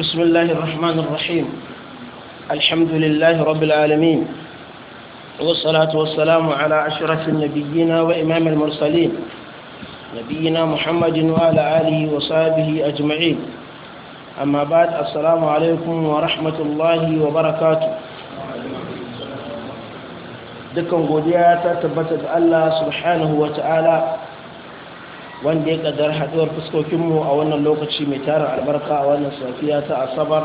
بسم الله الرحمن الرحيم الحمد لله رب العالمين والصلاة والسلام على عشرة النبيين وإمام المرسلين نبينا محمد وعلى آله وصحبه أجمعين أما بعد السلام عليكم ورحمة الله وبركاته دكم قديات تبتد الله سبحانه وتعالى wanda ya kadar haduwar fuskokinmu a wannan lokaci mai tarin albarka a wannan safiya ta asabar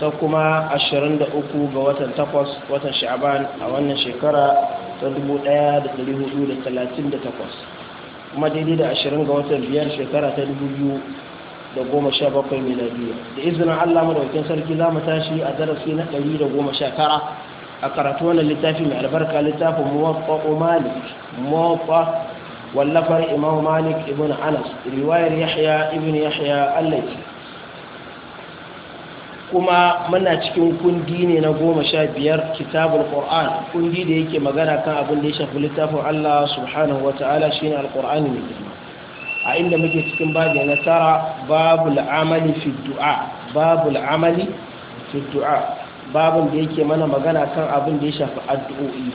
ta kuma 23 ga watan 8 watan sha'aban a wannan shekara ta 1438 kuma daidai da 20 ga watan biyar shekara ta 2017 miladiyya da izinin allah madawakin sarki za mu tashi a darasi na 119 a karatu wannan littafi mai albarka littafin muwaffa umali muwaffa wallafar imam malik ibn anas riwayar yahya ibn yahya allaci kuma muna cikin kundi ne na goma sha biyar kitabul qur'an kundi da yake magana kan abin da ya shafi littafin allah subhanahu wa ta'ala shine alqur'ani mai girma a inda muke cikin babu na tara babul amali fi du'a babul babun da yake mana magana kan abin da ya shafi addu'o'i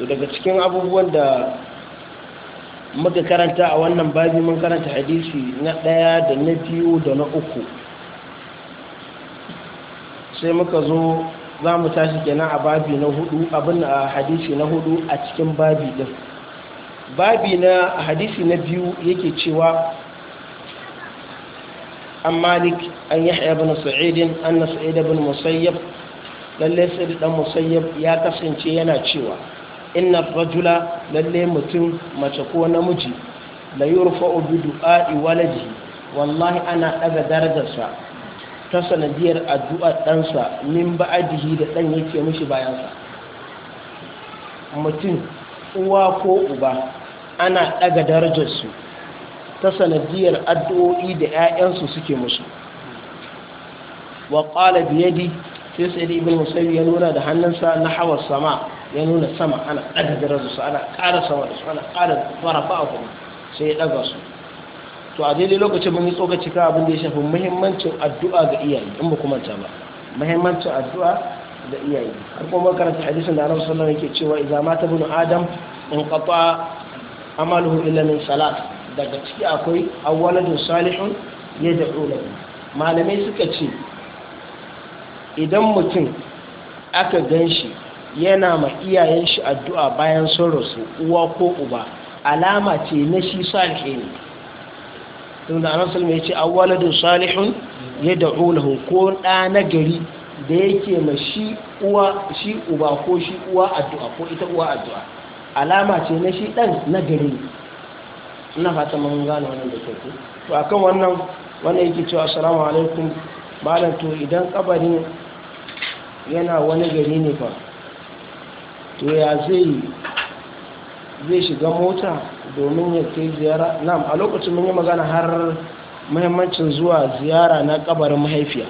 to daga cikin abubuwan da muka karanta a wannan babi mun karanta hadisi na ɗaya da na biyu da na uku sai muka zo za mu tashi kenan a babi na hudu abin a hadisi na hudu a cikin babi din babi na hadisi na biyu yake cewa an malik an haɗe bin sa'idin na sa'id bin musayyab lallai sai ɗan musayyab ya kasance yana cewa inna rajula lalle mutum mace ko namiji la yurfa'u bi du'a'i waladi wallahi ana daga darajarsa ta sanadiyar addu'ar ɗansa min ba'adihi da ɗan yake mishi bayansa mutum uwa ko uba ana daga darajarsu ta sanadiyar addu'o'i da 'ya'yansu suke musu wa qala bi yadi sai sai ibn musayyib ya nuna da hannunsa na hawa sama ya nuna sama ana ɗaga daraja su ana ƙara sama da su ana ƙara fara a kuma sai ya ɗaga su to a daidai lokacin mun yi tsokaci ka abin da ya shafi muhimmancin addu'a ga iyaye in ba kuma ta ba muhimmancin addu'a ga iyaye har kuma karanta hadisin da annabi sallallahu alaihi wasallam yake cewa idza mata ibnu adam in qata amaluhu illa min salat daga ciki akwai awwaladun salihun yad'u lahu malamai suka ce idan mutum aka ganshi yana ma iyayen shi addu'a bayan sun rasu uwa ko uba alama ce na shi salihi ne tun da anasar mai ce awwaladun salihun ya da'u lahu ko ɗa na gari da yake ma shi uwa shi uba ko shi uwa addu'a ko ita uwa addu'a alama ce na shi ɗan na gari ina fata mun gano wannan da kyau to akan wannan wannan yake cewa assalamu alaikum malam to idan kabarin yana wani gari ne fa to ya zai zai shiga mota domin ya kai ziyara nam a lokacin mun yi magana har muhimmancin zuwa ziyara na kabarin mahaifiya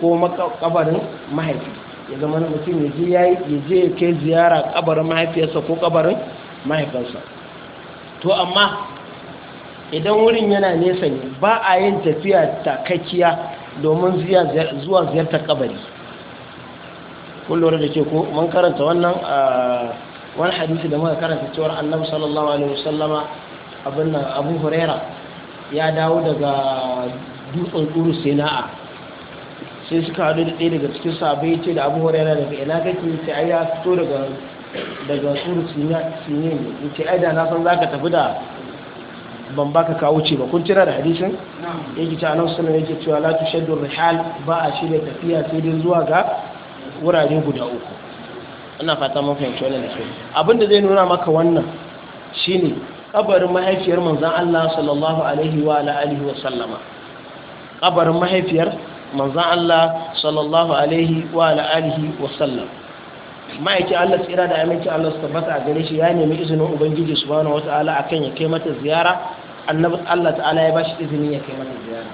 ko kabarin mahaifi ya zama na mutum ya je ya kai ziyara kabarin mahaifiyarsa ko kabarin mahaifinsa to amma idan wurin yana nesa ne ba a yin tafiya takakkiya domin zuwa ziyartar kabari kun lura da ke ko mun karanta wannan wani hadisi da muka karanta cewar annabi sallallahu alaihi wasallama abin nan abu huraira ya dawo daga dutsen kuru sina'a sai suka hadu da ɗaya daga cikin sabai ce da abu huraira daga ina kake ce ai ya fito daga daga kuru sina'a ne ce ai da na san zaka tafi da ban baka kawo ce ba kun cira da hadisin yake ta anan sunan yake cewa la tushaddu rihal ba a shirya tafiya sai dai zuwa ga wurare guda uku ana fata mun fahimci wannan da shi abinda zai nuna maka wannan shine kabarin mahaifiyar manzon Allah sallallahu alaihi wa alihi wa sallama kabarin mahaifiyar manzon Allah sallallahu alaihi wa alihi wa sallam ma'aikin Allah tsira da aminci Allah su tabbata a gare shi ya nemi izinin ubangiji subhanahu wata'ala akan ya kai mata ziyara annabi Allah ta'ala ya bashi izini ya kai mata ziyara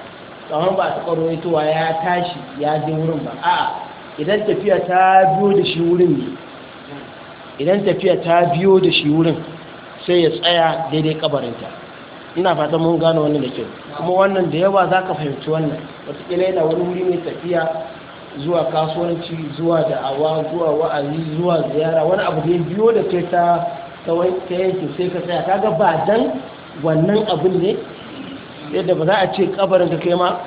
kamar ba a taɓa rawaitowa ya tashi ya je wurin ba a'a idan tafiya ta biyo da shi wurin ne idan tafiya ta biyo da shi wurin sai ya tsaya daidai kabarinta ina fata mun gano wannan da kyau kuma wannan da yawa za ka fahimci wannan wataƙila yana wani wuri mai tafiya zuwa kasuwanci zuwa da'awa zuwa wa'azi zuwa ziyara wani abu da ya biyo da kai ta yanki sai ka tsaya kaga ba dan wannan abin ne yadda ba za a ce kabarin ka kai ma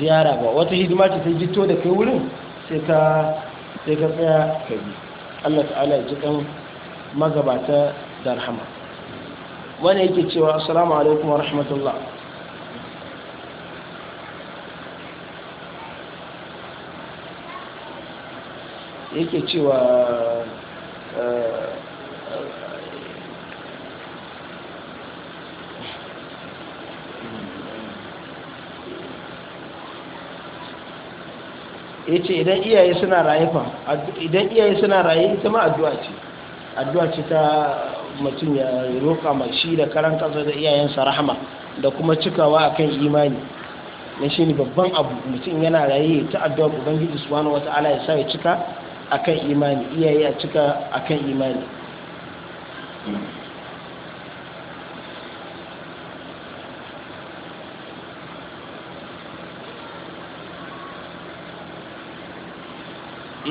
ziyara ba wata hidima ce ta jito da kai wurin sai ka tsaya ka bi Allah ta'ala ya magabata da rahama wani yake cewa assalamu alaikum wa rahmatullah yake cewa eh, ya ce idan iyaye suna raye fa idan iyaye suna raye ita ma addu'a ce addu'a ce ta mutum ya roƙa ma shi da karan kansa da iyayensa rahama da kuma cikawa akan imani na shi ne babban abu mutum yana raye ta addu'a ubangiji subhanahu wata'ala ya sa ya cika akan imani iyaye a cika akan imani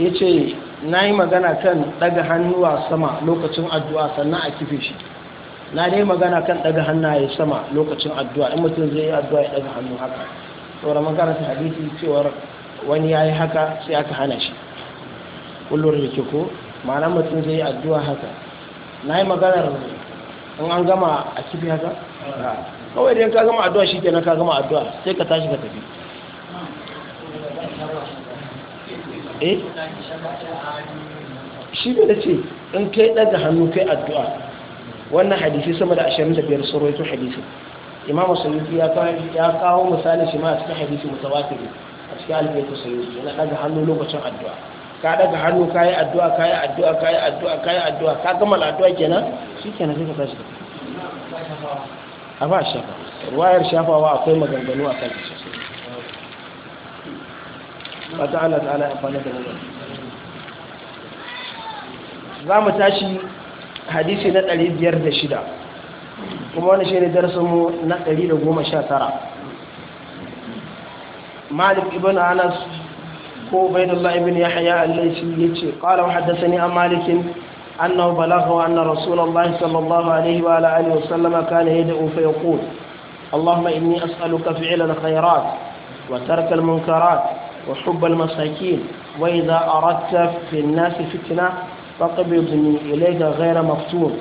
ya ce na yi magana kan daga hannuwa sama lokacin addu'a sannan a kife shi na dai magana kan hannu hannaye sama lokacin addu'a in mutum zai yi addu'a ya daga hannu haka sauran makaranta hadisi cewar wani ya yi haka sai aka hana shi kullum da ke ko ma'ana mutum zai yi addu'a haka na yi maganar in an gama a kife haka kawai da ka gama addu'a shi na ka gama addu'a sai ka tashi ka tafi eh shi ne da ce in kai daga hannu kai addu'a wannan hadisi sama da ashirin da biyar sun roito hadisi imam musulunci ya kawo misali shi ma a cikin hadisi mutawatir a cikin albaitu sayyidi yana daga hannu lokacin addu'a ka daga hannu kayi addu'a kayi addu'a kayi addu'a kayi addu'a ka gama addu'a kenan shi kenan sai ka tashi a ba shafa ruwayar shafawa akwai maganganu a kan sosai ba ta Allah ta'ala amfani da wannan za mu tashi hadisi na 506 kuma wani shi ne darasinmu na 119 malik ibn anas ko bainullah ibn yahya al-laysi yace qala wa haddathani an malik annahu balagha anna rasulullahi sallallahu alaihi wa ala alihi wa sallama kana yad'u fa yaqul اللهم إني أسألك فعل الخيرات وترك المنكرات وحب المساكين وإذا أردت في الناس فتنة فقبضني إليك غير مفتون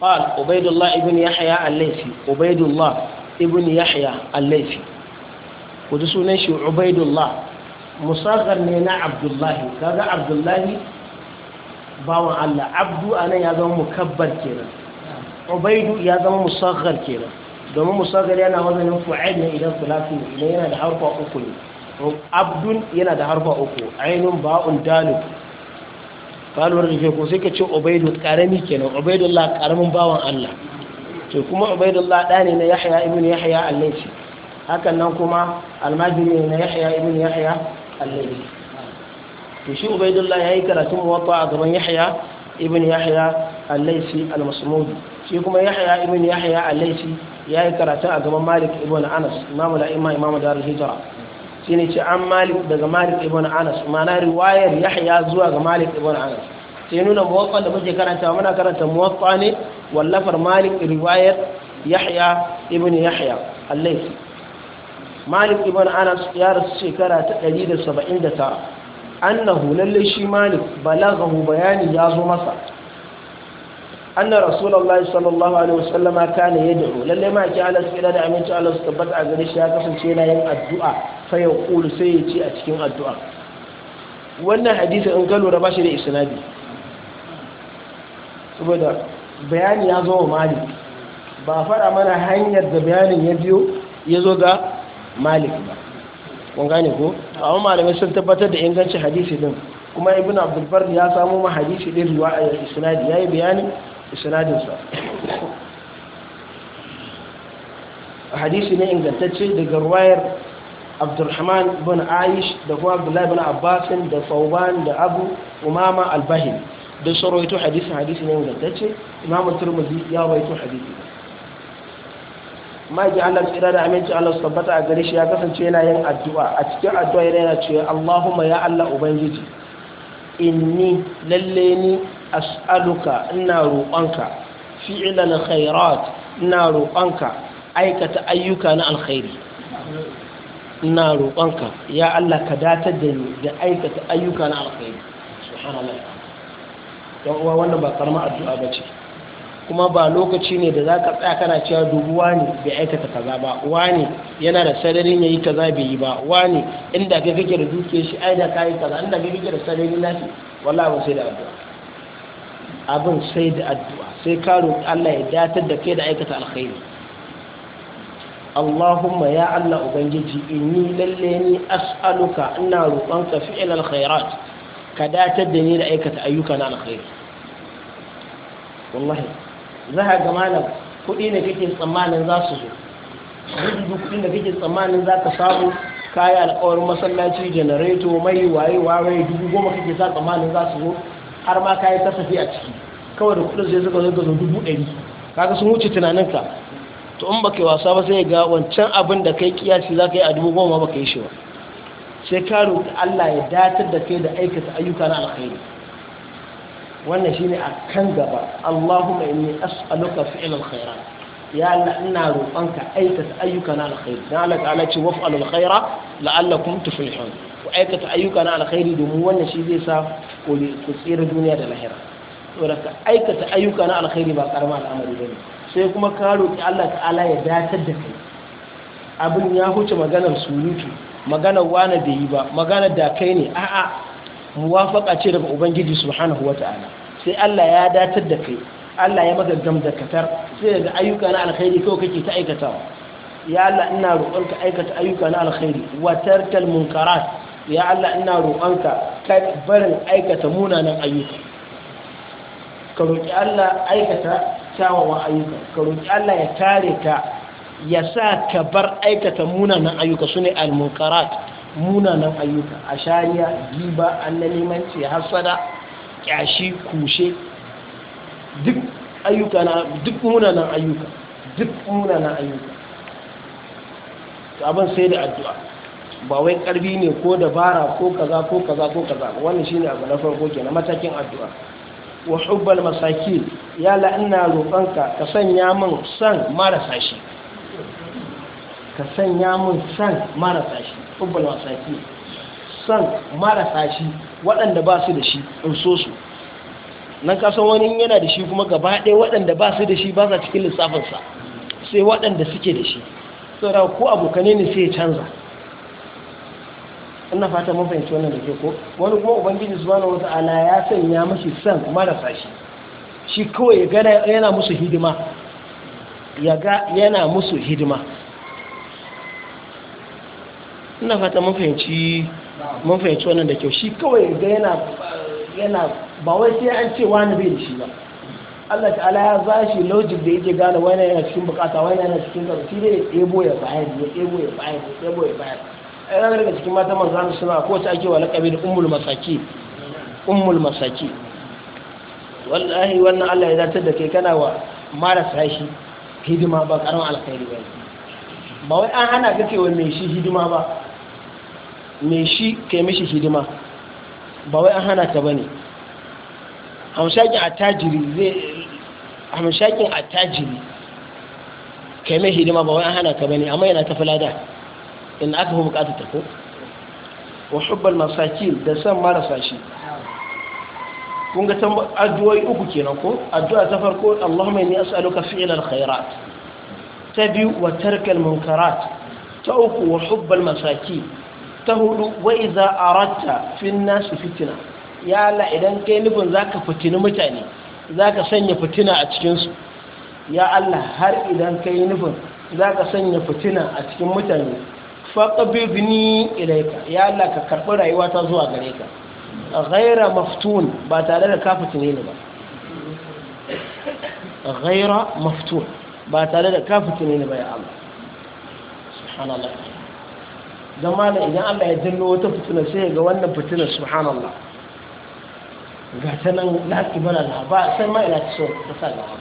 قال عبيد الله بن يحيى الليثي عبيد الله بن يحيى الليثي شو عبيد الله مصغر من عبد الله هذا عبد الله باو الله عبد أنا يا مكبر كذا عبيد يا مصغر كذا domin musagar yana wazanin fu'il ne idan sulasi ne yana da harfa uku ne abdun yana da harfa uku ainun ba'un dalib kalmar da ke ko sai ka ce ubaidu karami kenan ubaidullah karamin bawan Allah to kuma ubaidullah da ne na yahya ibn yahya al hakan nan kuma almajiri na yahya ibn yahya al-laythi to shi ubaidullah yayi karatun muwatta a gaban yahya ibn yahya al-laythi al-masmudi shi kuma yahya ibn yahya al ya yi karatu a gaban malik ibn anas imamu la'imma imamu darul hijira shi ne ce an malik daga malik ibn anas mana riwayar yahya zuwa ga malik ibn anas sai nuna muwaffa da muke karanta muna karanta muwaffa ne wallafar malik riwayar yahya ibn yahya malik ibn anas ya rasu shekara ta 179 annahu lalle shi malik balaghahu bayani ya zo masa anna rasulullahi sallallahu alaihi wasallama kana yad'u lalle ma ki Allah sai da aminci Allah su tabbata a gare shi ya kasance yana yin addu'a fa ya qulu sai ya ci a cikin addu'a wannan hadisi in ka lura ba shi da isnadi saboda bayani ya zo malik ba fara mana hanyar da bayanin ya biyo ya zo ga malik ba kun gane ko amma malamai sun tabbatar da ingancin hadisi din kuma ibn abdulbar ya samo ma hadisi din riwaya isnadi yayi bayani isnadinsa hadisi ne ingantacce daga ruwayar abdulhaman bin aish da kuma abdullahi bin abbasin da da abu umama albahim da sharaito hadisi hadisi ne ingantacce imamu turmuzi ya waito hadisi ji Allah tsira da aminci Allah su tabbata a gari shi ya kasance yana yin addu'a a cikin addu'a yana cewa Allahumma ya Allah ubangiji inni lalle ni as'aluka ina roƙonka fi'ilal khairat ina roƙonka aikata ayyuka na alkhairi ina roƙonka ya Allah ka datar da ni da aikata ayyuka na alkhairi subhanallah dan uwa wannan ba karama addu'a bace kuma ba lokaci ne da zaka tsaya kana cewa dubu wani bai aikata kaza ba wani yana da sadarin yayi kaza bai yi ba wani inda ka kake da dukiyar shi ai kai kaza inda ka kake da sadarin nashi wallahi ba sai da addu'a abin sai da addu'a sai ka roƙi Allah ya datar da kai da aikata alkhairi Allahumma ya Allah ubangiji inni lalle ni as'aluka ina roƙonka fi'il alkhairat ka datar da ni da aikata ayyuka na alkhairi wallahi za ka ga malam kuɗi ne kake tsammanin za su zo duk kuɗin da kake tsammanin za ka samu Kayan alƙawarin masallaci janareto mai waye waye dubu goma kake sa tsammanin za su zo har ma ka yi tafiya a ciki kawai da kudin zai zuga zuga dubu ɗari kaga sun wuce tunaninka to in baka yi wasa ba sai ga wancan abin da kai kiyaci za ka yi a dubu goma baka yi shi ba sai ka roƙi Allah ya datar da kai da aikata ayyuka na alkhairi wannan shine a kan gaba Allahumma inni as'aluka fi'l alkhairat ya Allah ina roƙonka aikata ayyuka na alkhairi dan Allah ta'ala ce waf'alul khaira la'allakum tuflihun ku aikata ayyuka na alkhairi domin wannan shi zai sa koli ku tsira duniya da lahira saboda ka aikata ayyuka na alkhairi ba karama al'amari ba ne sai kuma ka roƙi Allah ta'ala ya datar da kai abin ya huce maganar surutu maganar wani da yi ba maganar da kai ne a'a muwafaka ce daga ubangiji subhanahu wata'ala sai Allah ya datar da kai Allah ya maka katar sai daga ayyuka na alkhairi kawai kake ta aikatawa ya Allah ina roƙonka aikata ayyuka na alkhairi wa tarkal munkarat ya Allah ina roƙonka ka barin aikata munanan ayyuka ka roƙi Allah aikata kyawawan ayyuka ka roƙi Allah ya tare ka ya sa ka bar aikata munanan ayyuka sune al-munkarat munanan ayyuka ashariya giba annalimanci hasada kyashi kushe duk ayyuka na duk munanan ayyuka duk munanan ayyuka to abin sai da addu'a ba wai karbi ne ko dabara ko kaza ko kaza ko kaza wannan shine abu na farko kenan matakin addu'a wa hubbal masakin ya la ina roƙonka ka sanya min san marasa shi ka sanya min san marasa shi hubbal masakin san marasa shi waɗanda ba su da shi in so su nan kasan wani yana da shi kuma gaba ɗaya waɗanda ba su da shi ba sa cikin lissafinsa sai waɗanda suke da shi saboda ko abokane ne sai ya canza ina fata mun fahimci wannan da ke ko wani kuma ubangiji subhanahu wata'ala ya sanya mashi san marasa shi shi kawai ya yana musu hidima ya ga yana musu hidima ina fata mun fahimci mun fahimci wannan da kyau shi kawai ga yana yana ba wai sai an ce wani bai da shi ba Allah ta'ala ya za shi logic da yake gane wani yana cikin bukata wani yana cikin gaba shi dai ya ebo ya bayar ya ebo ya bayar ya ebo ya bayar ai ga daga cikin mata manzo Allah suna ko ta ake wa laqabi da ummul masaki ummul masaki wallahi wannan Allah ya zartar da kai kana wa marasa shi hidima ba karon alkhairi ba ba wai an hana kake wa mai shi hidima ba mai shi kai mishi hidima ba wai an hana ta bane hamshakin attajiri zai hamshakin attajiri kai mai hidima ba wai an hana ka bane amma yana ta falada in aka fi bukatar tafi wa hubbal masakin da san marasa shi kun ga addu'o'i uku kenan ko addu'a ta farko Allahumma inni as'aluka fi'lal khairat ta biyu wa tarkal munkarat ta uku wa hubbal masakin ta hudu wa a ratta fin nas fitina ya Allah idan kai nufin zaka fitini mutane zaka sanya fitina a cikin ya Allah har idan kai nufin zaka sanya fitina a cikin mutane faqbidni ilaika, ya Allah ka karbi ta zuwa gare ka ghaira maftun ba tare da kafitin ne ba ghaira maftun ba tare da kafitin ne ba ya Allah subhanallah zama da idan Allah ya jallo wata fitina sai ga wannan fitina subhanallah ga ta nan laki bana da ba sai ma ina ta so ta sa gaba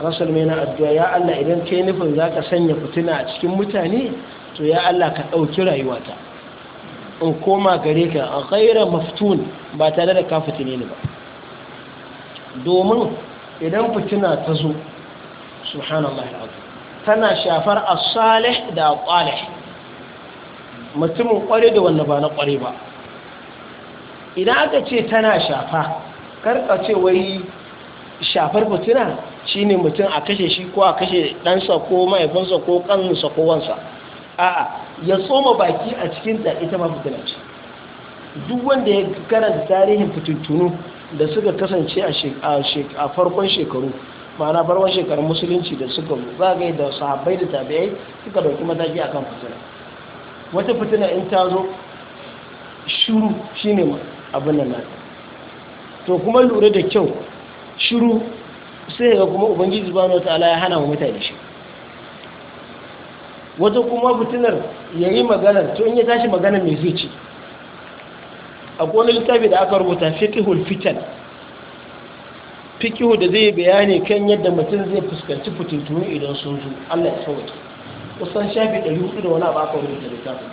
rasul mai na addu'a ya Allah idan kai nufin zaka sanya fitina a cikin mutane to ya Allah ka ɗauki rayuwata in koma gare ka a kaira maftun ba tare da ka fitine ni ba domin idan fitina ta zo subhanallah al'adu tana shafar a salih da a mutumin kware da wanda ba na kware ba idan aka ce tana shafa karka ce wai shafar fitina shine mutum a kashe shi ko a kashe ɗansa ko mahaifinsa ko ƙansa ko wansa a'a ya tsoma baki a cikin cikinta ita ma fitina ce duk wanda ya karanta tarihin fitintunu da suka kasance a farkon shekaru ma'ana farkon shekarun musulunci da suka za ga da sahabbai da tabi'ai suka dauki mataki akan fitina wata fitina in ta zo shiru shine abin nan to kuma lura da kyau shiru sai ga kuma ubangiji subhanahu wataala ya hana mu mutane shi wata kuma fitinar ya yi maganar to in ya tashi magana mai zai ce a kone littafi da aka rubuta fikihul fitan fikihu da zai bayani kan yadda mutum zai fuskanci fitintunu idan sun zo allah ya sauwaki kusan shafi ɗari da wani abu aka rubuta littafin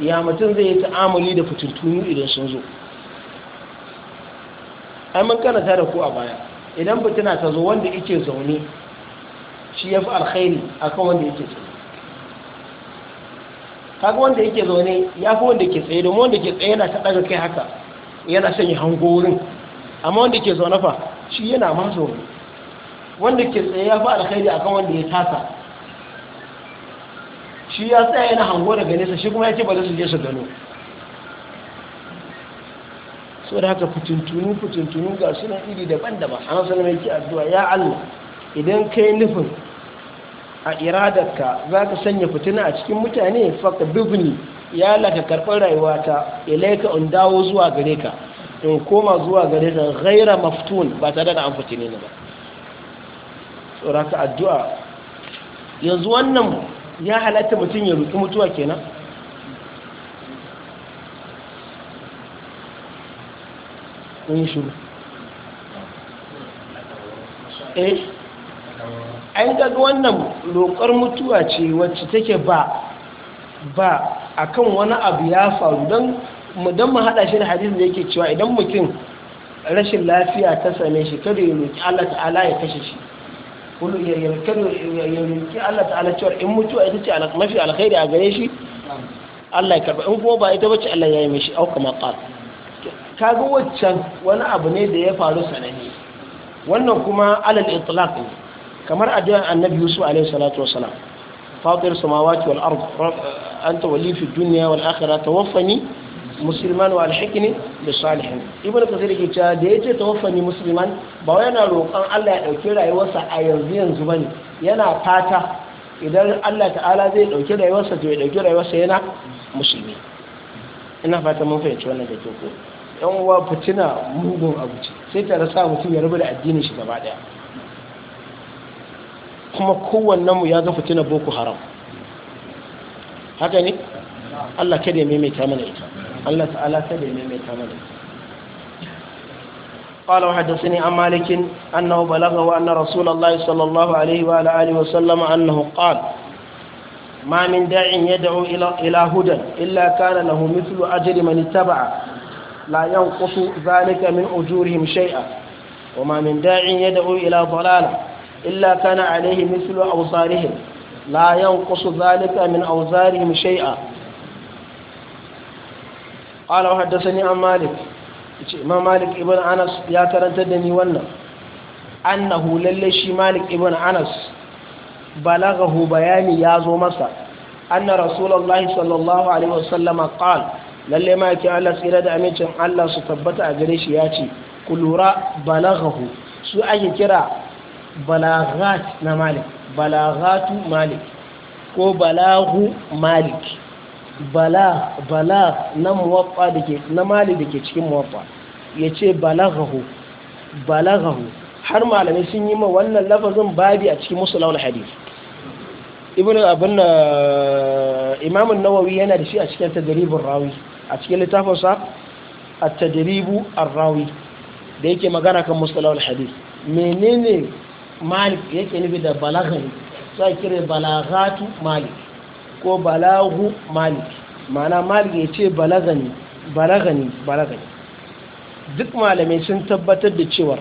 ya mutum zai yi ta'amali da fitintunu idan sun zo mun karanta da ku a baya idan fitina ta zo wanda yake zaune shi ya fi alkhairi akan wanda yake zaune kaga wanda yake zaune ya fi wanda ke tsaye domin wanda ke tsaye yana taɗaga kai haka yana son ya hango wurin amma wanda ke zaune fa shi yana maso wanda ke tsaye ya fi alkhairi akan wanda ya tasa shi ya tsaya yana hango daga nesa shi kuma ya ce ba su je su gano so da haka fitintunu fitintunu ga suna iri daban-daban an sanar mai ke addu'a ya allah idan kai nufin a iradarka za ka sanya fitina a cikin mutane faka bibini ya laka karɓar rayuwata ilaika in dawo zuwa gare ka in koma zuwa gare ka gaira maftun ba tare da an fitine ba tsoraka addu'a yanzu wannan ya halatta mutum ya roƙi mutuwa kenan in eh ai daga wannan lokar mutuwa ce wacce take ba ba akan wani abu ya faru don don mu haɗa shi da hadisin da yake cewa idan mutum rashin lafiya ta same shi kada ya roƙi Allah ta'ala ya kashe shi kullu ya roƙi Allah ta'ala cewa in mutuwa ita ce mafi alkhairi a gare shi Allah ya karba in kuma ba ita bace Allah ya yi mishi auka kama kaga waccan wani abu ne da ya faru sanani wannan kuma alal itlaq ne kamar addu'ar annabi yusuf alaihi salatu wasalam fatir samawati wal ard anta wali fi dunya wal akhirah tawaffani musliman wa alhaqni bi salihin ibnu kathir ke cewa da yace tawaffani musliman ba wai yana roƙon Allah ya a yanzu yanzu yana fata idan Allah ta'ala zai dauki rayuwarsa to ya dauki rayuwarsa yana musulmi ina fata mun fahimci wannan da ke ko yan uwa fitina mugun abu ce sai ta rasa mutum ya rubuta addinin shi gaba daya kuma kowannenmu ya ga fitina boko haram haka ne Allah kada ya maimaita mana ita Allah ta'ala kada ya maimaita mana ita قال وحدثني عن مالك أنه بلغه أن رسول الله صلى الله عليه وعلى آله وسلم أنه قال ما من داع يدعو إلى إلى هدى إلا كان له مثل أجر من اتبع لا ينقص ذلك من أجورهم شيئا وما من داع يدعو إلى ضلالة إلا كان عليه مثل أوزارهم لا ينقص ذلك من أوزارهم شيئا قال وحدثني عن مالك ما مالك ابن أنس يا كرنت دني ونا أنه للشي مالك ابن أنس بلغه بياني يا زومسا أن رسول الله صلى الله عليه وسلم قال lalle ma yake Allah tsira da amincin Allah su tabbata a gare shi ya ce ku lura balaghahu su ake kira Balagatu na malik malik ko balahu malik bala bala na muwaffa dake na malik da ke cikin muwaffa ya ce har malamai sun yi ma wannan lafazin babi a cikin musulawar hadith ibn abin na ah, imamun nawawi yana da shi a cikin tadaribin rawi a cikin littafinsa a tadaribu rawi da yake magana kan musulawar hadith menene malik yake nufi da balagani a kire balagatu malik ko balagu malik mana malik ya ce balagani balagani balagani duk malamai sun tabbatar da cewar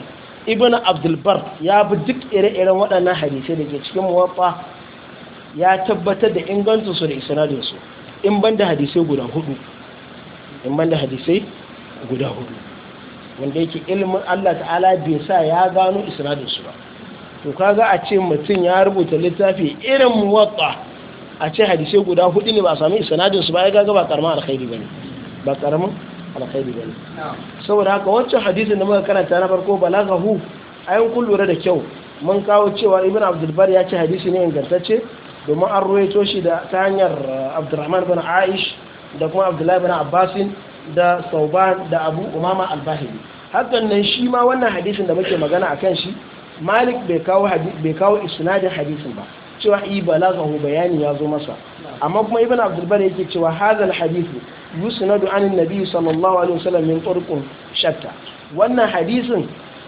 ibn abdulbar ya bi duk ire-iren waɗannan hadisai da ke cikin muwaffa ya tabbatar da su da isnadinsu in ban da hadisai guda hudu in ban da hadisai guda hudu wanda yake ilimin Allah ta'ala bai sa ya gano isnadinsu ba to ga a ce mutum ya rubuta littafi irin muwatta a ce hadisai guda hudu ne ba a sami sanadin su ba ya gaga ba karamin alkhairi bane ba karamin alkhairi bane saboda haka wancan hadisin da muka karanta na farko balaghahu ayin kun lura da kyau mun kawo cewa ibn abdulbar ya ce hadisi ne ingantacce domin an ruwaito shi da ta hanyar uh, abdurrahman bin aish da kuma abdullahi bin abbasin da sauban da abu umama albahiri hakan nan shi ma wannan hadisin da muke magana a kan shi malik bai kawo bai isnadin hadisin ba cewa ibalaghahu bayani ya zo masa amma kuma ibn abdul yake cewa hadal hadithu yusnadu anin nabi sallallahu alaihi wasallam min turqun shatta wannan hadisin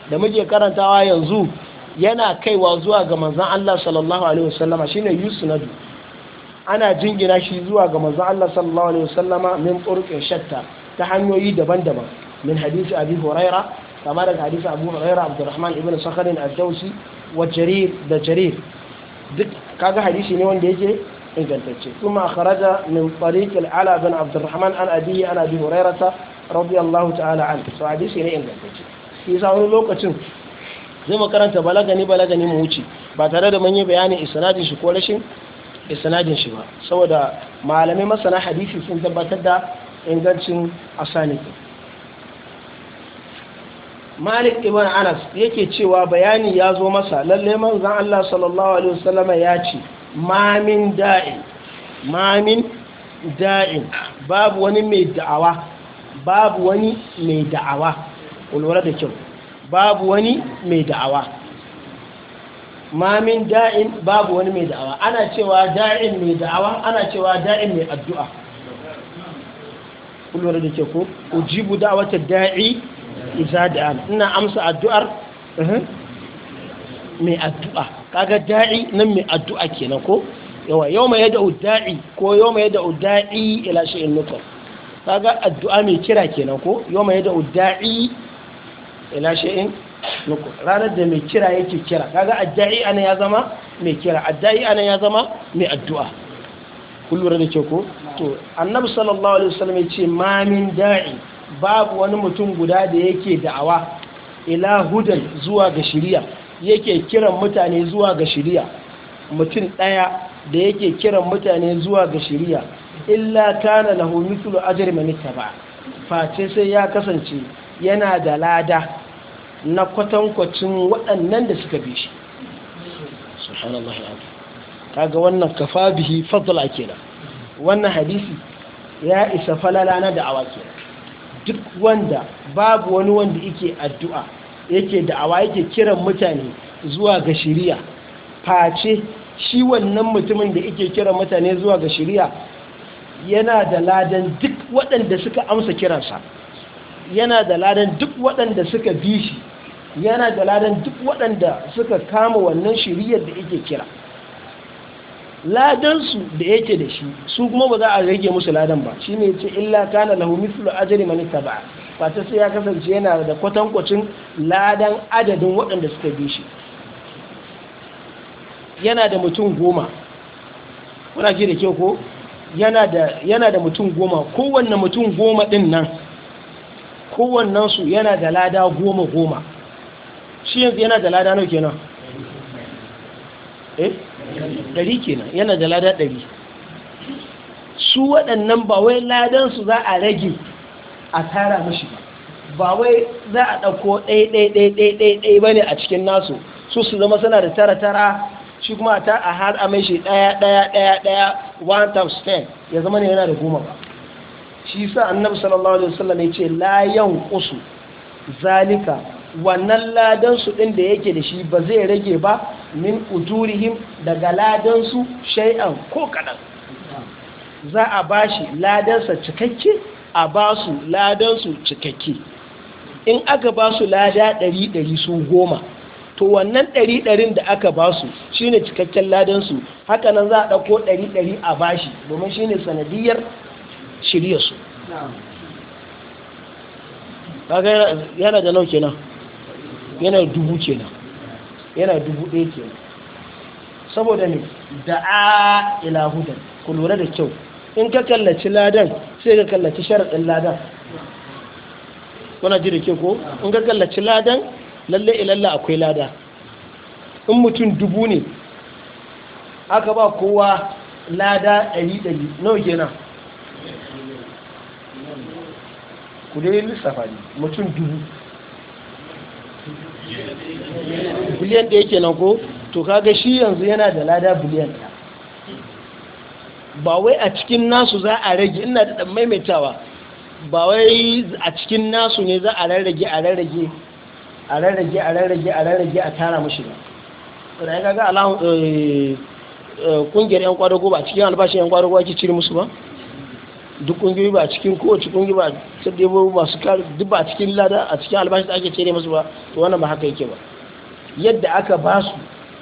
da muke karantawa yanzu yana kaiwa zuwa ga manzon Allah sallallahu alaihi wasallama shine yusnadu ana jingina shi zuwa ga manzon Allah sallallahu alaihi wasallama min turqin shatta ta hanyoyi daban-daban min hadisi abi huraira kama daga hadisi abu hurairah abdurrahman ibn sakharin ad wa jarir da jarir duk kaga hadisi ne wanda yake ingantacce kuma kharaja min tariq al-ala bin abdurrahman an abi an abi hurairah radiyallahu ta'ala anhu so hadisi ne lokacin zai makaranta balagani balagani mu wuce ba tare da mun yi bayanin isnadin shi ko rashin isnadin shi ba saboda malamai masana hadisi sun tabbatar da ingancin asani malik ibn anas yake cewa bayani ya zo masa lalle manzan Allah sallallahu alaihi wasallam ya ce mamin da'in mamin da'in babu wani mai da'awa babu wani mai da'awa ulwara da kyau babu wani mai da'awa mamin da'in babu wani mai da'awa ana cewa da'in mai da'awa ana cewa da'in mai addu'a ulwara da kyau ko ujibu da'awata da'i iza an ina amsa addu'ar eh, mai addu'a kaga da'i nan mai addu'a kenan ko yawa yau mai yadda da'i ko yau mai yadda da'i ila shi'in nukar kaga addu'a mai kira kenan ko yau mai yadda da'i ila in nukar ranar da mai kira yake kira kaga adda'i ana ya zama mai kira adda'i ana ya zama mai addu'a kullum da ke ko to annabi sallallahu alaihi wasallam ya ce ma min da'i babu wani mutum guda da yake da'awa ila hudan zuwa ga shirya yake kiran mutane zuwa ga shirya mutum ɗaya da yake kiran mutane zuwa ga shirya illa kana lahu mithlu ajri man ittaba face sai ya kasance yana da lada na kwatankwacin waɗannan da suka bi shi subhanallah kaga wannan kafa bihi fadla kenan wannan hadisi ya isa falala na da'awa kenan duk wanda babu wani wanda yake addu'a yake da'awa yake kiran mutane zuwa ga shiriya face shi wannan mutumin da yake kiran mutane zuwa ga shiriya yana da ladan duk waɗanda suka amsa kiransa yana da ladan duk waɗanda suka bi shi yana da ladan duk waɗanda suka kama wannan shiriyar da yake kira ladansu da yake da shi su kuma ba za a rage musu ladan ba shi ne ce illa kana lahu mislu ajri man fa ta sai ya kasance yana da kwatankwacin ladan adadin waɗanda suka bi shi yana da mutum goma kuna ji da ke ko yana da yana da mutum goma kowanne mutum goma din nan kowannen su yana da lada goma goma shi yanzu yana da lada nau kenan eh ɗari kenan yana da lada ɗari su waɗannan ba wai ladansu za a rage a tara mashi ba wai za a ɗauko ɗai-ɗai-ɗai-ɗai ba ne a cikin nasu su su zama suna da tara-tara shi kuma a har a mai shi ɗaya-ɗaya-ɗaya one times ten ya zama ne yana da goma ba shi sa annabi sallallahu alaihi wasallam ya ce la kusu. zalika wannan ladan su din da yake da shi ba zai rage ba min ujurihim daga ladansu shay'an ko kadan za a bashi ladansa cikakke a basu ladansu cikakke in aka basu lada ɗari su goma to wannan ɗari da aka basu shine cikakken ladansu haka nan za a ɗauko ɗari a bashi domin shine sanadiyar shirya su yana da nau kenan yana dubu kenan yana dubu ɗaya ke saboda ne da'a ila hudan ku lura da kyau in ka kallaci ladan sai ka kallaci sharaɗin ladan wana ji da ke ko in ka kallaci ladan lalle ilalla akwai lada in mutum dubu ne aka ba kowa lada ɗari ɗari nawa kenan ku dai lissafa ne mutum dubu biliyan ɗaya kenan ko to kaga shi yanzu yana da lada biliyan ba wai a cikin nasu za a rage ina da maimaitawa ba wai a cikin nasu ne za a rarrage a rarrage a rarrage a rarrage a rarrage a tara mashi ba da ya kaga alahun eh, eh, kungiyar yan kwadago ba a cikin albashin yan kwadago ake cire musu ba duk kungiyoyi ba cikin kowace kungiyoyi ba dai debo masu kare duk ba cikin lada a cikin albashi da ake cire masu ba to wannan ba haka yake ba yadda aka ba su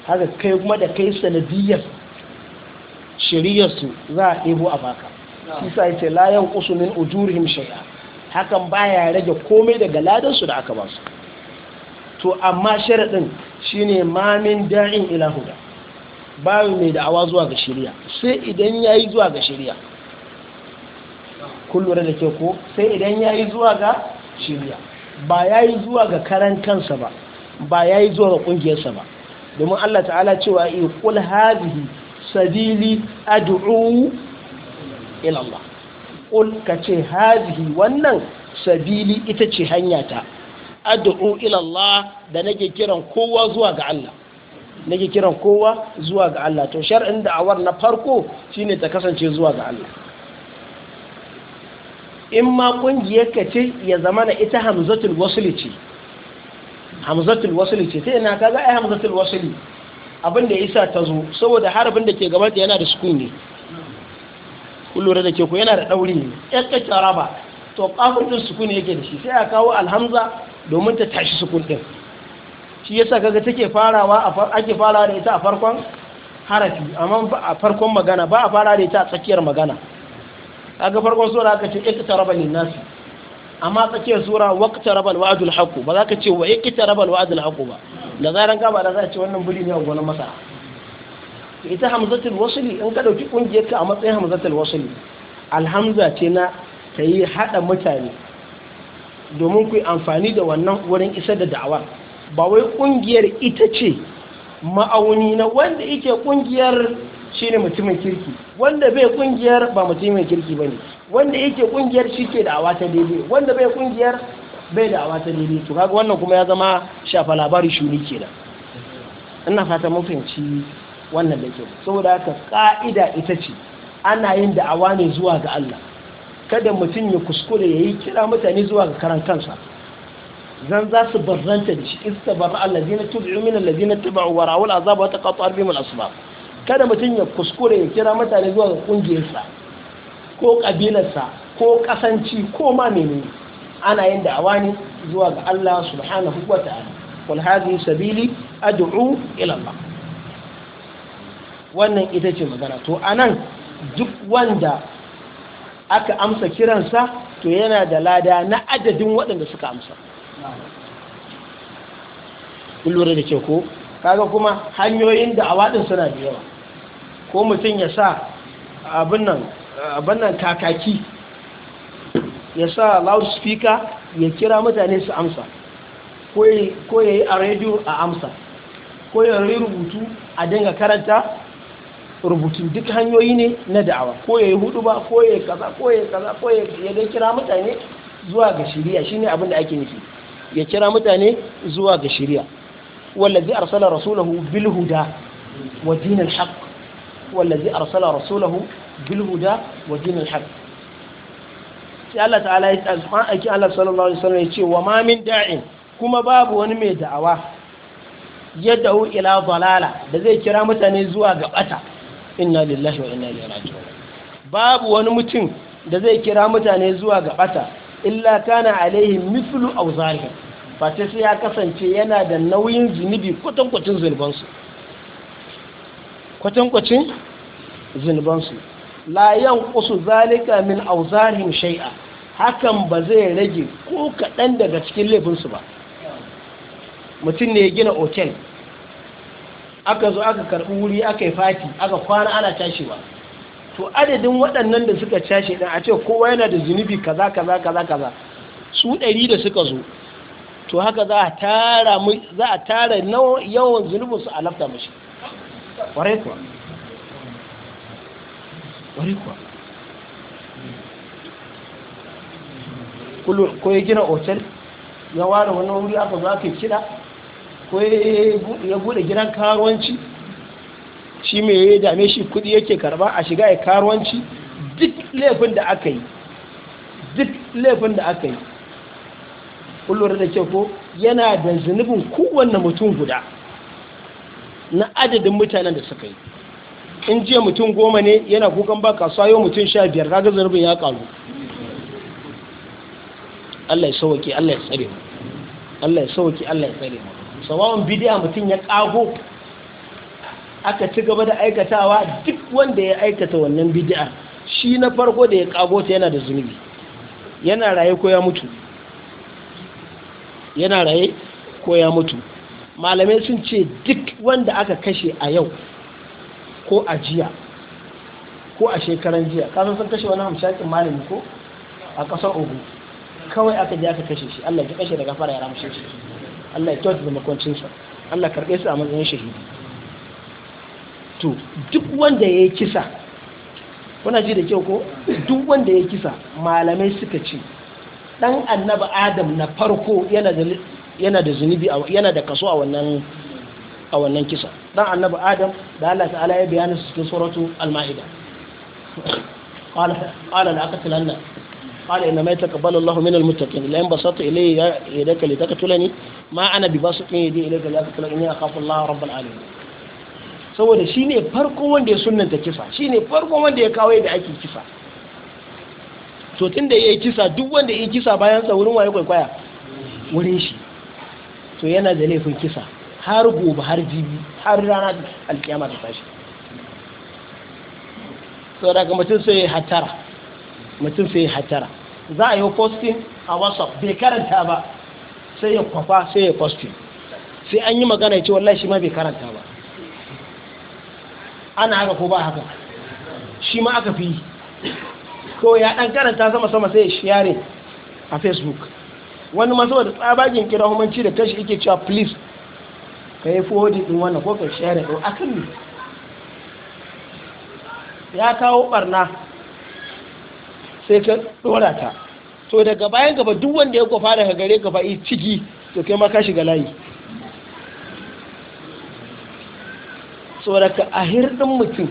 haka kai kuma da kai sanadiyar shari'ar su za a debo a baka isa yace la yan qusu ujurihim shay'a hakan baya rage komai daga Ladansu da aka ba su to amma sharadin shine mamin da'in ila huda babu mai da'awa zuwa ga shari'a sai idan yayi zuwa ga shari'a kun da ke ko sai idan ya yi zuwa ga shirya ba ya yi zuwa ga karan ba ba ya yi zuwa ga ƙungiyarsa ba domin Allah ta'ala cewa iya kul hazihi sabili ad'u ila Allah kul ce hazihi wannan sabili ita ce hanyata ad'u ila da nake kiran kowa zuwa ga Allah nake kiran kowa zuwa ga Allah to shar'in da'awar na farko shine ta kasance zuwa ga Allah in ma ƙungiyar ka ce ya zama na ita hamzatul wasuli ce hamzatul wasuli ce ta yana kaga ai hamzatul wasuli abin da isa ta zo saboda harafin da ke gabata yana da sukun ne kun lura da ke ku yana da ɗauri ne ya kake raba to kafin ɗin sukun yake da shi sai a kawo alhamza domin ta tashi sukun ɗin shi yasa kaga take farawa ake farawa da ita a farkon harafi amma a farkon magana ba a fara da ita a tsakiyar magana kaga farkon sura aka ce iktaraba nas amma tsakiyar sura waqtaraba alwa'd alhaq ba za ka ce wa iktaraba alwa'd alhaq ba da zaran ka ba da za ka ce wannan buli ne a gonar masara ita hamzatul wasli in ka dauki kungiyar ka a matsayin hamzatul wasli alhamza ce na tayi hada mutane domin ku amfani da wannan wurin isar da da'awa ba wai kungiyar ita ce ma'auni na wanda yake kungiyar ne mutumin kirki wanda bai kungiyar ba mutumin kirki bane wanda yake kungiyar shi ke da awata daidai wanda bai kungiyar bai da awata daidai to kaga wannan kuma ya zama shafa labari shuni da ina fata mun fahimci wannan da ke saboda haka ka'ida ita ce ana yin da'awa ne zuwa ga Allah kada mutum ya kuskure ya yi kira mutane zuwa ga karan kansa zan za su barranta da shi istabar Allah zina tubi'u min allazina tabu'u wa ra'ul azaba wa taqattu bihim al-asbab kada mutum ya kuskure ya kira mutane zuwa kungiyarsa, ko ƙabilarsa ko ƙasanci ko ma menene ana yin da'awa ne zuwa ga Allah subhanahu wa ta'ala wal sabili ad'u ila Allah wannan ita ce magana to anan duk wanda aka amsa kiransa to yana da lada na adadin waɗanda suka amsa kullure da ke ko kaga kuma hanyoyin da awadin suna da yawa ko mutum ya sa abin nan kakaki ya sa loudspeaker ya kira mutane su amsa ko ya yi a rediyo a amsa ko ya yi rubutu a dinga karanta rubutu duk hanyoyi ne na da'awa ko ya yi hudu ba ko ya yi kaza ko ya yi kaza ko ya dai kira mutane zuwa ga shirya shine abin da ake nufi ya kira mutane zuwa ga shirya wallazi arsala rasulahu bil huda wa dinil haqq huwa allazi arsala rasulahu bil huda wa dinil ta'ala ya tsaya aiki Allah sallallahu alaihi ya ce wa ma min da'in kuma babu wani mai da'awa yadda hu ila dalala da zai kira mutane zuwa ga inna lillahi wa inna ilaihi raji'un babu wani mutum da zai kira mutane zuwa ga illa kana alaihi Mislu awzarihim fa sai ya kasance yana da nauyin zunubi kwatankwacin zunubansu kwatankwacin zunubansu layan kusu zalika min auzarin shai'a hakan ba zai rage ko kaɗan daga cikin laifinsu ba mutum ne ya gina otel aka zo aka karɓi wuri aka yi fati aka kwana ana ba to adadin waɗannan da suka cashe ɗin a ce kowa yana da zunubi kaza kaza kaza kaza su ɗari da suka zo to haka za a tara yawan zunubinsu a lafta mashi ƙwarai kuwa ko ya gina otel ya ware wani wuri aka za ka kira ko ya bude gidan karuwanci shi mai ya dame shi kudi yake karba a shiga ya karuwanci duk laifin da aka yi duk laifin da aka yi kullum da ke ko yana da zunubin kowanne mutum guda na adadin mutanen da suka yi in jiya mutum goma ne yana kukan ba kasuwa yau mutum sha biyar kaga zarbin ya karu Allah ya sauke Allah ya tsare mu Allah ya sauke Allah ya tsare mu sawawan bidiya mutum ya kago aka ci gaba da aikatawa duk wanda ya aikata wannan bidi'a shi na farko da ya kago ta yana da zunubi yana raye ko ya mutu yana raye ko ya mutu malamai sun ce duk wanda aka kashe a yau ko a jiya ko a shekaran jiya kasan sun kashe wani hamshakin malami ko a ƙasar ogu kawai aka je aka kashe shi Allah ya kashe daga fara ya ramshe shi Allah ya kyautu da makwancinsa Allah karɓe su a matsayin shahidi to duk wanda ya yi kisa kuna ji da kyau ko duk wanda ya yi kisa malamai suka ce dan annaba adam na farko yana da yana da zunubi yana da kaso a wannan a wannan kisa dan annabi adam da Allah ta'ala ya bayana su cikin suratu al-ma'ida qala qala la aqtalanna qala inna ma yataqabbalu Allahu minal muttaqin la in basata ilayya yadaka litaqtulani ma ana bi basatin yadi ilayka la taqtulani inni akhafu Allah rabbul alamin saboda shine farko wanda ya sunnanta kisa shine farko wanda ya kawo da ake kisa to tunda yayi kisa duk wanda yayi kisa bayan sa wurin waye kwaikwaya wurin shi to yana da laifin kisa har gobe har jibi har rana alkiyama ta tashi sau daga mutum sai hatara mutum sai hatara za a yi posting a whatsapp bai karanta ba sai ya kwafa sai ya posting sai an yi magana ya ce wallahi shi ma bai karanta ba ana haka ko ba haka shi ma aka fi ko ya dan karanta sama sama sai ya share a facebook wani ma saboda tsabagen kira humanci da tashi yake cewa please ka yi fuhodi din wannan ko kai share a akan ne ya kawo ɓarna sai ka ɗora ta to daga bayan gaba duk wanda ya kwafa daga gare gaba yi ciki to kai ma ka shiga layi so daga a hirɗin mutum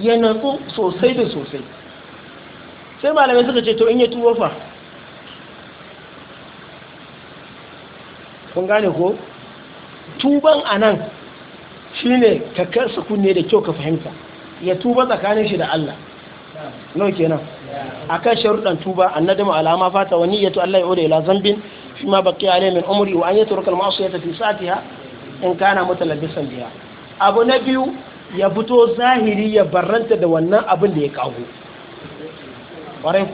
ya natsu sosai da sosai sai malamai suka ce to in ya tuwo fa kun gane ko tuban a nan shi ne ka karsa kunne da kyau ka fahimta ya tuba tsakanin shi da Allah nau nan? a kan sharuɗan tuba dama alama fata wani yato Allah ya ode ila zambin shi ma baki a min umri wa an yato rukar masu ya tafi satiya in kana mutalabisan biya abu na biyu ya fito zahiri ya barranta da wannan abin da ya kago ƙwarai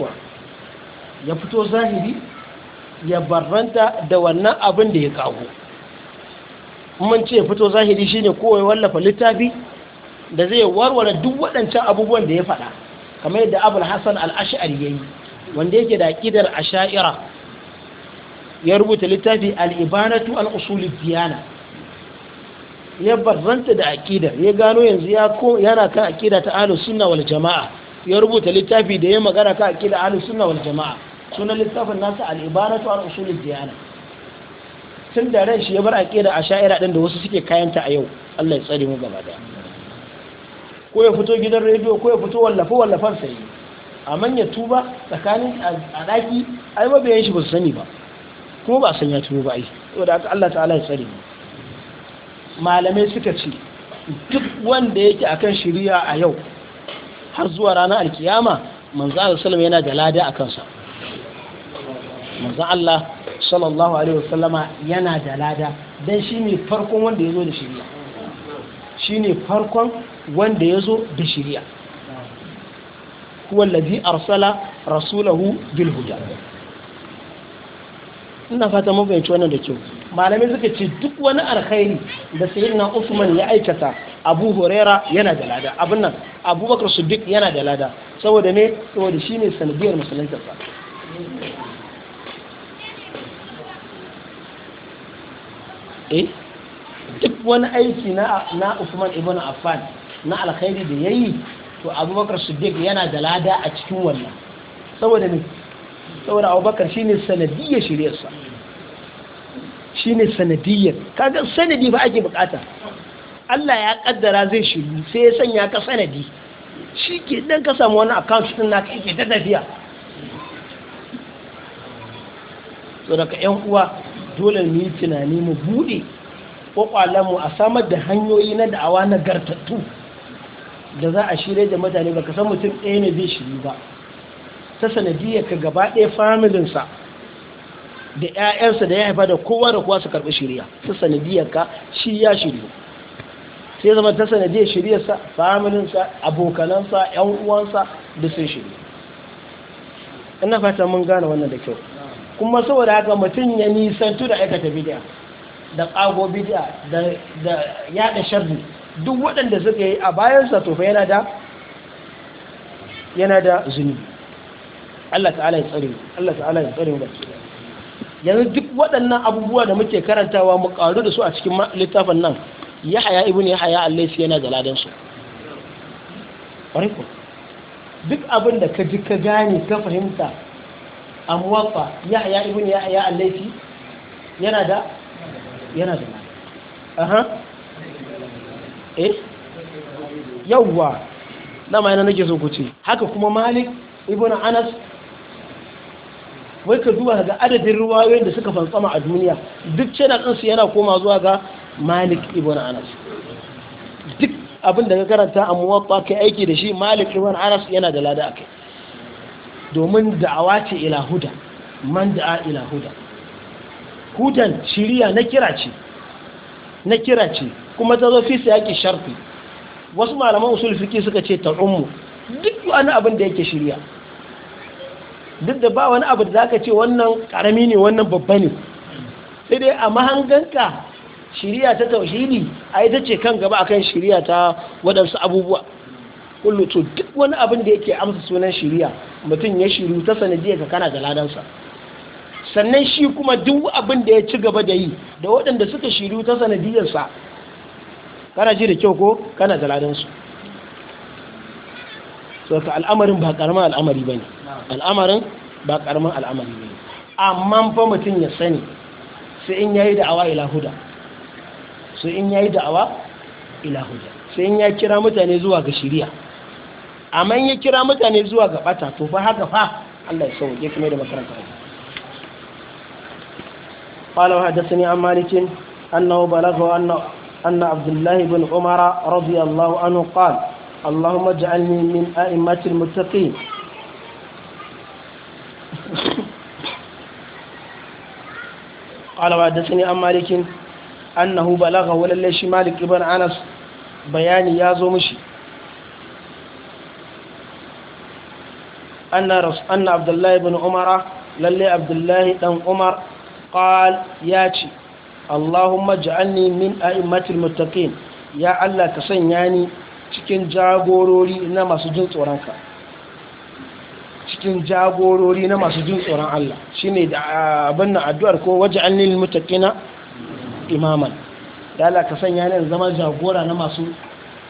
ya fito zahiri ya barranta da wannan abin da ya kago mun ce fito zahiri shine kowai wallafa littafi da zai warware duk waɗancan abubuwan da ya faɗa kamar yadda abul hassan al ya yi wanda yake da ƙidar asha'ira ya rubuta littafi al'ibanatu al'usulun diyana ya barranta da aƙidar ya gano yanzu yana kan aƙida ta ahlus sunna wal jama'a ya rubuta littafi da ya magana kan aƙida ahlus sunna wal jama'a sunan littafin nasa al'ibaratu a usulul diyana tun da ran shi ya bar a ƙera a sha'ira din da wasu suke kayanta a yau Allah ya tsare mu gaba daya ko ya fito gidan rediyo ko ya fito wallafe wallafan sai a manya tuba tsakanin a ɗaki ai mabiyan shi ba su sani ba kuma ba san ya tuba ba ai saboda haka Allah ta'ala ya tsare mu malamai suka ce duk wanda yake akan shari'a a yau har zuwa ranar alkiyama manzo Allah sallallahu alaihi wasallam yana da lada akan sa manzon Allah sallallahu alaihi wasallama yana da lada don shi ne farkon wanda yazo da shari'a shine farkon wanda yazo da shari'a huwa allazi arsala rasulahu bil ina fata mun fahimci wannan da kyau malamai suka ce duk wani alkhairi da sayyidina Usman ya aikata Abu Huraira yana da lada abin nan Abubakar Siddiq yana da lada saboda ne saboda shine sanadiyar musulunci musulunta Eh, duk wani aiki na Usman ibn Affan na alkhairi da yayi to Abubakar Siddiq yana da lada a cikin wannan saboda ne saboda Abubakar shine sanadiyyar shiriyarsa shine sanadiyyar kaga sanadi ba ake bukata Allah ya kaddara zai shiru sai ya sanya ka sanadi shi ke dan ka samu wani account din naka yake ta tafiya so daga yan uwa dole mu yi tunani mu buɗe mu a samar da hanyoyi na da'awa na gartattu da za a shirya da mutane ba ka san mutum ɗaya ne zai shiri ba ta sanadiyar ka gaba ɗaya familinsa da 'ya'yansa da ya haifa da kowa da kowa su karɓi shirya ta sanadiyar ka shi ya shiryu sai zama ta sanadiyar shiryarsa familinsa abokanansa 'yan uwansa da sun in ina fata mun gane wannan da kyau kuma saboda haka mutum ya nisantu da aikata bidiya da ƙago bidiya da yada sharri duk waɗanda suka yi a bayansa tofa yana da yana da zuni Allah ta'ala ya tsari Allah ta'ala ya tsare ba yanzu duk waɗannan abubuwa da muke karantawa mu ƙaru da su a cikin littafin nan yahaya ibnu yahaya allaisi yana da ladan su duk abin da ka ji ka gane ka fahimta a ya yahya ibn ya al-laifi yana da yana da aha eh yawwa dama yana nake so ku ce haka kuma malik ibn anas wai ka zuwa ga adadin ruwayoyin da suka fantsama a duniya duk channel ɗinsu yana koma zuwa ga malik ibn anas duk abin da ka karanta amuwafa muwaffa kai aiki da shi malik ibn anas yana da lada a kai. domin da'awa ce ila huda man da'a ila huda hudan shiriya na kira ce na kira ce kuma ta zo fi sayaki sharfi wasu malaman usul fiki suka ce ta ummu duk wani abin da yake shiriya duk da ba wani abu da zaka ce wannan karami ne wannan babba ne sai dai a mahanganka shiriya ta tauhidi ai ta ce kan gaba akan shiriya ta waɗansu abubuwa kullu to duk wani abin da yake amsa sunan shiriya mutum ya shiru ta sanadiyar ka kana da ladansa sannan shi kuma duk abin da ya ci gaba da yi da waɗanda suka shiru ta sanadiyarsa kana ji da kyau ko kana da ladansu so ka al'amarin ba karamin al'amari ba ne al'amarin ba karamin al'amari ba ne amma fa mutum ya sani sai in yayi da'awa ila huda sai in yayi da'awa ila huda sai in ya kira mutane zuwa ga shiriya amma ya kira mutane zuwa ga bata to fa haka fa Allah ya sauke kuma da makaranta قال وحدثني عن مالك أنه بلغه أن أن عبد الله بن عمر رضي الله عنه قال اللهم اجعلني من أئمة المتقين قال وحدثني عن مالك أنه بلغه ولله مالك بن أنس بياني يا زومشي anna abdullahi bin بن عمر abdullahi عبد umar بن ya ce allahumma ja'alni min a'immatil muttaqin ya Allah ka sanya ni cikin jagorori na masu jin tsoron ka cikin jagorori na masu jin tsoron Allah shine da abin nan addu'ar ko waj'alni lil muttaqina imaman ya Allah ka sanya ni zama jagora na masu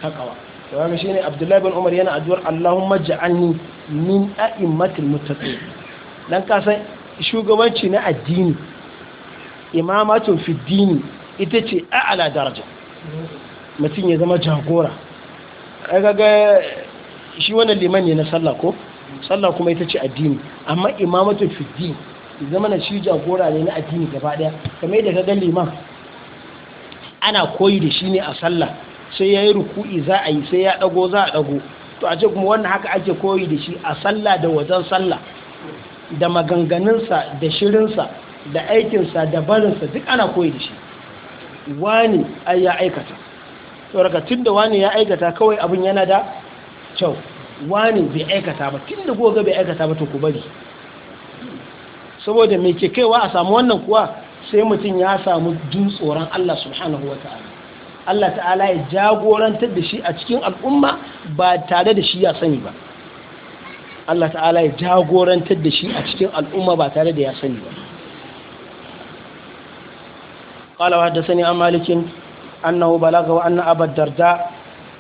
takawa to shi ne Abdullahi bin Umar yana addu'ar Allahumma ja'alni min a'immatil muttaqin dan ka san shugabanci na addini imamatun fi dini ita ce ala daraja mutum ya zama jagora kaga shi wannan liman ne na sallah ko sallah kuma ita ce addini amma imamatun fi dini zama na shi jagora ne na addini gaba daya kamar yadda ka ga liman ana koyi da shi ne a sallah sai ya yi ruku'i za a yi sai ya ɗago za a ɗago to a ce kuma wannan haka ake koyi da shi a sallah da wajen sallah da maganganunsa da shirinsa da aikinsa da barinsa duk ana koyi da shi wani ai ya aikata To tun da wani ya aikata kawai abin yana da kyau wani bai aikata ba tun da goga bai aikata ba to ku bari saboda mai ke kaiwa a samu wannan kuwa sai mutum ya samu dun tsoron Allah subhanahu wa ta'ala Allah ta'ala ya jagorantar da shi a cikin al'umma ba tare da shi ya sani ba Allah ta'ala ya jagorantar da shi a cikin al'umma ba tare da ya sani ba qala wa hadathani an malikin annahu balaga wa anna abad darda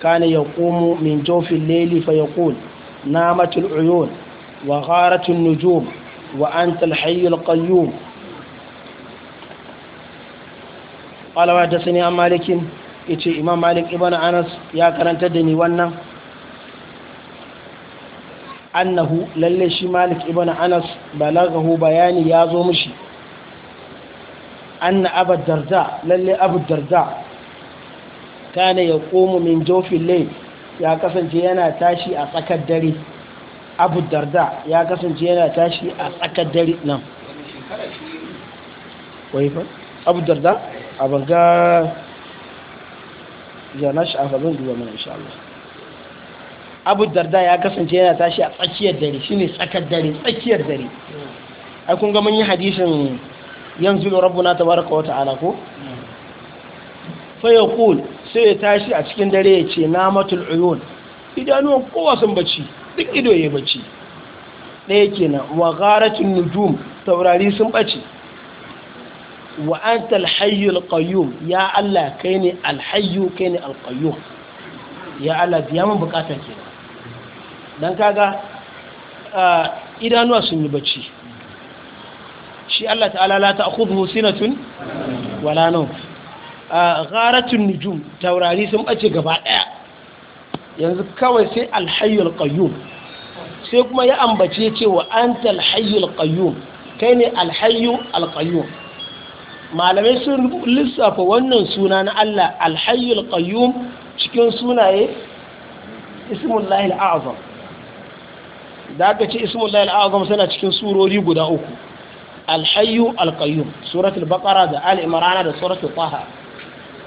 kana yaqumu min jawfi al-layli fa yaqul namat al-uyun wa gharat an-nujum wa anta al-hayy al-qayyum قال وحدثني عن مالك ce imam malik ibn anas ya karanta da ni wannan annahu lalle shi malik ibn anas balagahu bayani ya zo mishi anna Abad darda lalle abu darda kana ya komo min jofin lai ya kasance yana tashi a tsakar dare abu darda ya kasance yana tashi a tsakar dare nan abu darda a banga jana shi a gaban zuwa mana insha Allah Abu Darda ya kasance yana tashi a tsakiyar dare shi ne tsakar dare tsakiyar dare ai kun ga mun yi hadisin yanzu rabbuna tabaraka wa ta'ala ko fa kul sai ya tashi a cikin dare ya ce na matul uyun idanuwan kowa sun bacci duk ido ya bacci ɗaya kenan wa gharatun nujum taurari sun bacci wa anta alhayyul qayyum ya Allah kai ne alhayyu kai ne alqayyum ya Allah biya mun bukata kenan dan kaga idanuwa sun yi bacci shi Allah ta'ala la ta'khudhu sinatun wala nawm gharatun nujum taurari sun bace gaba daya yanzu kawai sai alhayyul qayyum sai kuma ya ambace cewa anta al-hayyul qayyum kai ne alhayyu alqayyum malamai sun lissafa wannan suna na Allah alhayyul qayyum cikin sunaye ismullahi al'azam da aka ce ismullahi al'azam suna cikin surori guda uku alhayyu alqayyum suratul baqara da al imran da suratul taha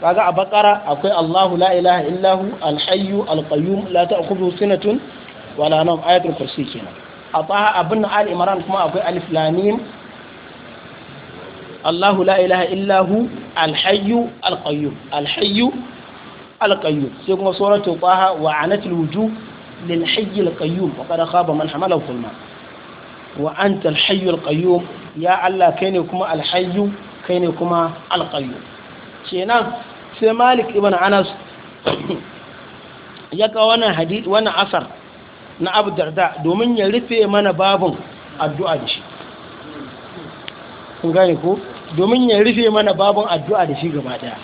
kaga a baqara akwai Allahu la ilaha illahu alhayyu alqayyum la ta'khudhu sinatun wala nawm ayatul kursi kenan a taha abin al imran kuma akwai alif lam mim Allahu la ilaha illahu alhayyu alqayyum sai kuma suratu qaha wa anatil wujuh lil hayy alqayyum wa qad khaba man hamala zulma wa anta alhayyu alqayyum ya Allah kai kuma alhayyu kai kuma alqayyum sai Malik ibn Anas ya kawo wannan hadith wannan asar na Abu Darda domin ya rufe mana babun addu'a shi Sun gane ko domin ya rufe mana babun addu'a da shi gaba daya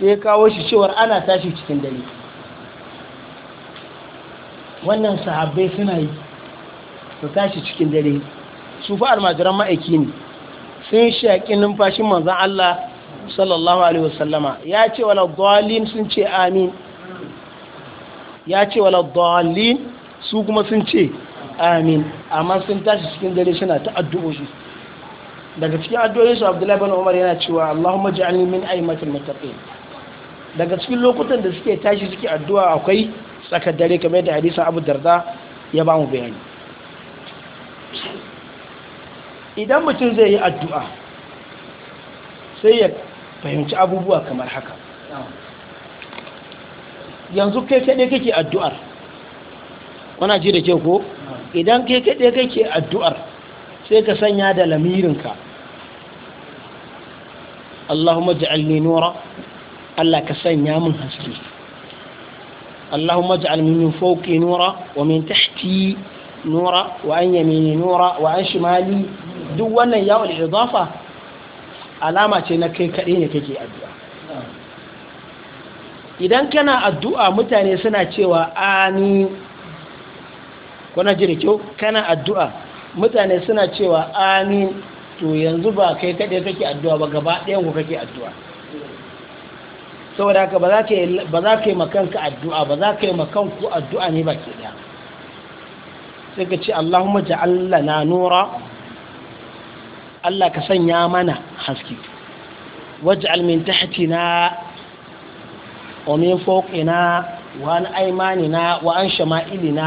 sai kawo shi cewar ana tashi cikin dare wannan sahabbai suna yi su tashi cikin dare su fa almajiran ma'aiki ne sun shaƙi numfashin manzan Allah sallallahu alaihi wasallama ya ce wala dalin sun ce amin ya ce wala dalin su kuma sun ce amin amma sun tashi cikin dare suna ta addu'o'i daga cikin addu'o'in su Abdullahi bin Umar yana cewa Allahumma ja'alni min aimatil muttaqin daga cikin lokutan da suke tashi suke addu'a akwai tsakar dare kamar da hadisin Abu Darda ya ba mu bayani idan mutum zai yi addu'a sai ya fahimci abubuwa kamar haka yanzu kai kaɗai kake addu'ar wana ji da ke ko idan kai kai kake addu'ar sai ka sanya da lamirinka اللهم اجعلني نورا الا كسن من هسكي اللهم اجعل من فوقي نورا ومن تحتي نورا وعن يميني نورا وعن شمالي دو وانا ياو الاضافة علامة انك كرين تجي الدعاء إذا كان الدعاء متان يسنى تشوى اني كنا جريتو كان الدعاء متان يسنى تشوى اني to yanzu ba kai kaɗai kake addu'a ba gaba ɗayan ku kake addu'a saboda haka ba za ka yi makanka addu'a ba za ka yi makanku addu'a ne ba ke ɗaya sai ka ce Allahumma ja'alla na nura Allah ka sanya mana haske waj'al min na wa foke na wa an na wa an shama'ilina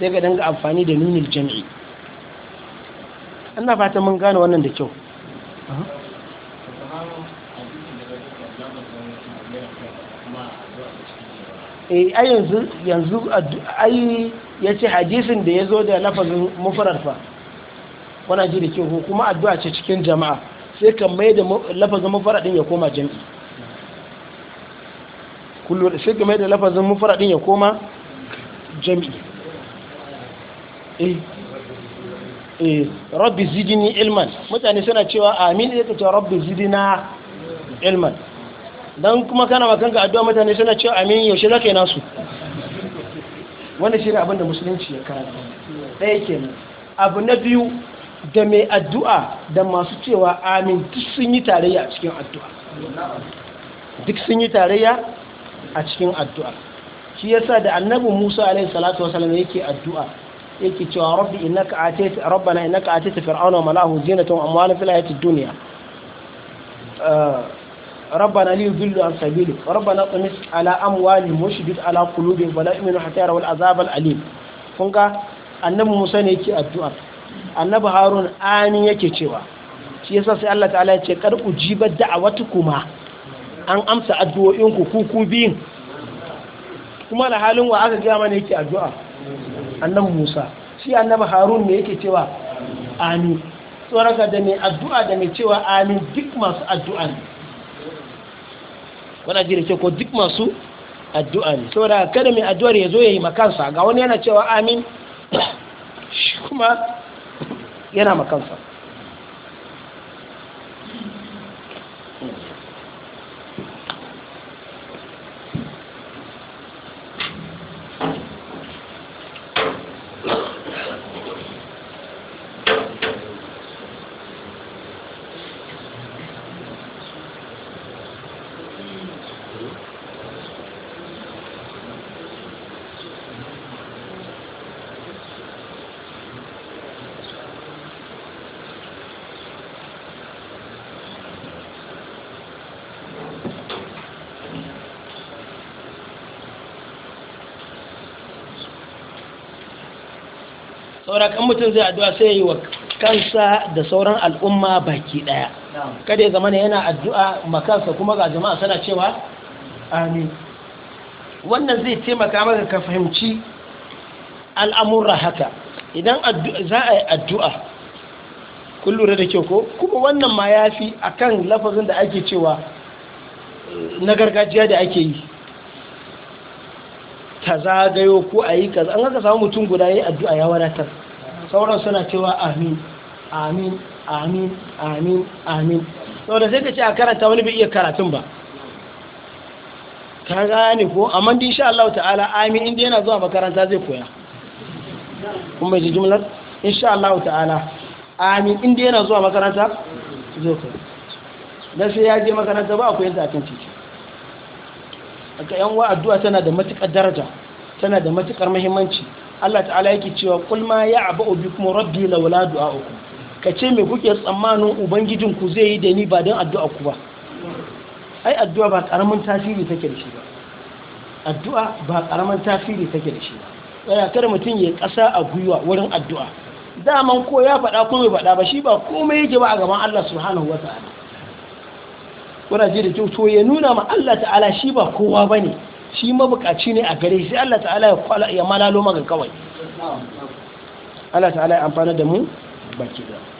sai ka dinga amfani da nunin jami'i ina fatan mun gane wannan da kyau eh, a yanzu yanzu ai ya ce hadisin da ya zo da lafazin mufarar fa wana ji da kyau ko kuma addu'a ce cikin jama'a sai kan mai da lafazin mufarar din ya koma jam'i kullum sai kan mai da lafazin mufarar din ya koma jami'i eh Eh, rabbi zidini ilman mutane suna cewa amin yake cewa rabbi zidina ilman don kuma kana makanka addu'a mutane suna cewa amin yaushe za ka yi nasu wanda shi ne abin da musulunci ya karanta ɗaya kenan abu na biyu da mai addu'a da masu cewa amin duk sun yi tarayya a cikin addu'a duk sun yi tarayya a cikin addu'a shi yasa da annabi Musa alaihi salatu wasallam yake addu'a yake cewa rabbi innaka atayta rabbana innaka atayta fir'auna wa malahu zinatan wa amwalan fil hayati dunya ربنا ليضلوا عن ala ربنا طمس على اموالهم وشدد على قلوبهم ولا يؤمنوا حتى يروا العذاب الاليم kunga annabi Musa ne yake addu'ar annabi Harun ani yake cewa shi yasa sai Allah ta'ala ya ce kar ku jibar da'awatukuma an amsa addu'o'inku ku ku biyin kuma da halin wa aka ga mana yake addu'a annabi musa shi annabi harun ne yake cewa amin tsoraka da mai addu'a da mai cewa amin duk masu addu'a ne wadda ji da ko duk masu addu'a ne saboda kada mai addu'ar ya zo ya yi makansa ga wani yana cewa amin shi kuma yana makansa saura kan mutum zai addu'a sai yi wa kansa da sauran al'umma baki daya kada ya zamana yana addu'a makansa kuma ga jama'a sana cewa amin wannan zai taimaka maka ka fahimci al'amurra haka idan za a yi addu'a kun lura da kyau ko kuma wannan ma ya fi a kan lafazin da ake cewa na gargajiya da ake yi ta zagayo ko a yi kaza an haka samu mutum guda ya yi addu'a ya wadatar sauran suna cewa amin amin amin amin amin saboda sai ka ce a karanta wani bai iya karatun ba ka gane ko amma din sha Allah ta'ala amin inda yana zuwa makaranta zai koya kuma ji in sha Allah ta'ala amin inda yana zuwa makaranta zai koya na sai ya je makaranta ba akwai da akan titi aka yan wa addu'a tana da matukar daraja tana da matukar muhimmanci Allah ta'ala yake cewa kul ma ya'ba'u bikum rabbi laula du'a'ukum kace me kuke tsammanin ubangijin ku zai yi da ni ba dan addu'a ku ba ai addu'a ba karamin tasiri take da shi ba addu'a ba karamin tasiri take da shi ba ya kar mutum ya kasa a gwiwa wurin addu'a daman ko ya faɗa ko bai faɗa ba shi ba komai yake ba a gaban Allah subhanahu wata'ala kuna ji da kyau to ya nuna ma Allah ta'ala shi ba kowa bane shi mabukaci ne a gare shi Allah ta'ala ya malalo maka kawai Allah ta'ala ya amfana da mu baki da